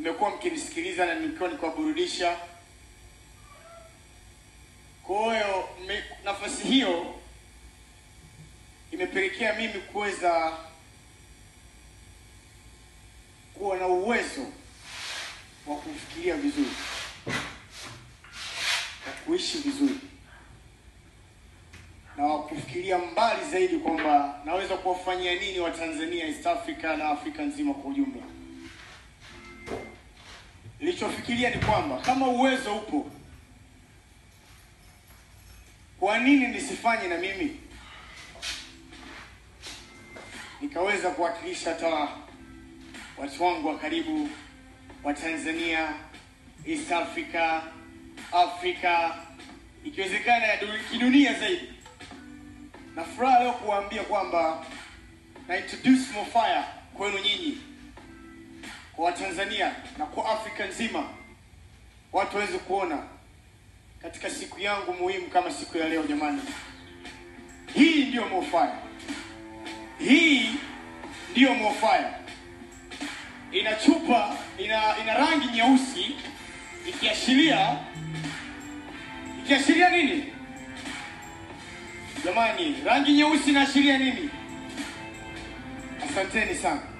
mmekuwa mkinisikiliza na nikiwa ni kuwaburudisha kwahiyo nafasi hiyo imepelekea mimi kuweza kuwa na uwezo wa kufikiria vizuri na kuishi vizuri na wakufikiria mbali zaidi kwamba naweza kuwafanyia nini Watanzania, East Africa na Afrika nzima kwa ujumla nilichofikiria ni kwamba kama uwezo upo, kwa nini nisifanye na mimi nikaweza kuwakilisha hata watu wangu wa karibu wa Tanzania, East Africa, Afrika, ikiwezekana ya kidunia zaidi. Na furaha leo kuwaambia kwamba na introduce Mofire kwenu nyinyi kwa Watanzania na kwa Afrika nzima watu waweze kuona katika siku yangu muhimu kama siku ya leo. Jamani, hii ndiyo MoFaya, hii ndiyo MoFaya. Ina chupa ina, ina rangi nyeusi ikiashiria ikiashiria nini jamani? Rangi nyeusi inaashiria nini? Asanteni sana.